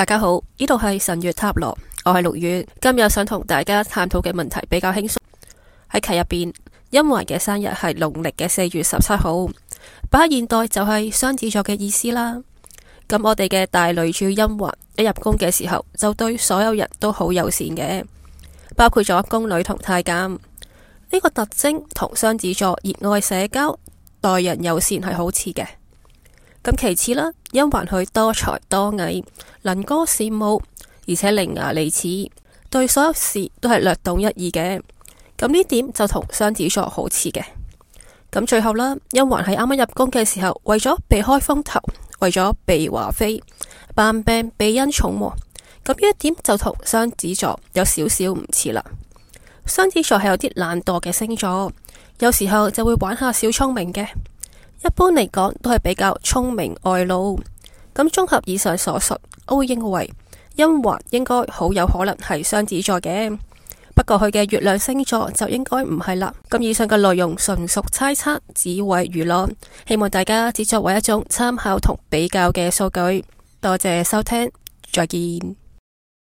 大家好，呢度係晨月塔羅，我係六月，今日想同大家探討嘅問題比較輕鬆。喺劇入邊，甄嬛嘅生日係農曆嘅四月十七號，擺喺現代就係雙子座嘅意思啦。咁我哋嘅大女主甄嬛一入宮嘅時候，就對所有人都好友善嘅，包括咗宮女同太監。呢、這個特徵同雙子座熱愛社交、待人友善係好似嘅。咁其次啦，甄嬛佢多才多藝，能歌善舞，而且伶牙俐齒，對所有事都係略懂一二嘅。咁呢點就同雙子座好似嘅。咁最後啦，甄嬛喺啱啱入宮嘅時候，為咗避開風頭，為咗避華妃，扮病避恩寵，哦。咁呢一點就同雙子座有少少唔似啦。雙子座係有啲懶惰嘅星座，有時候就會玩下小聰明嘅。一般嚟講都係比較聰明外露。咁綜合以上所述，我會認為甄嬛應該好有可能係雙子座嘅，不過佢嘅月亮星座就應該唔係啦。咁以上嘅內容純屬猜測，只為娛樂，希望大家只作為一種參考同比較嘅數據。多謝收聽，再見。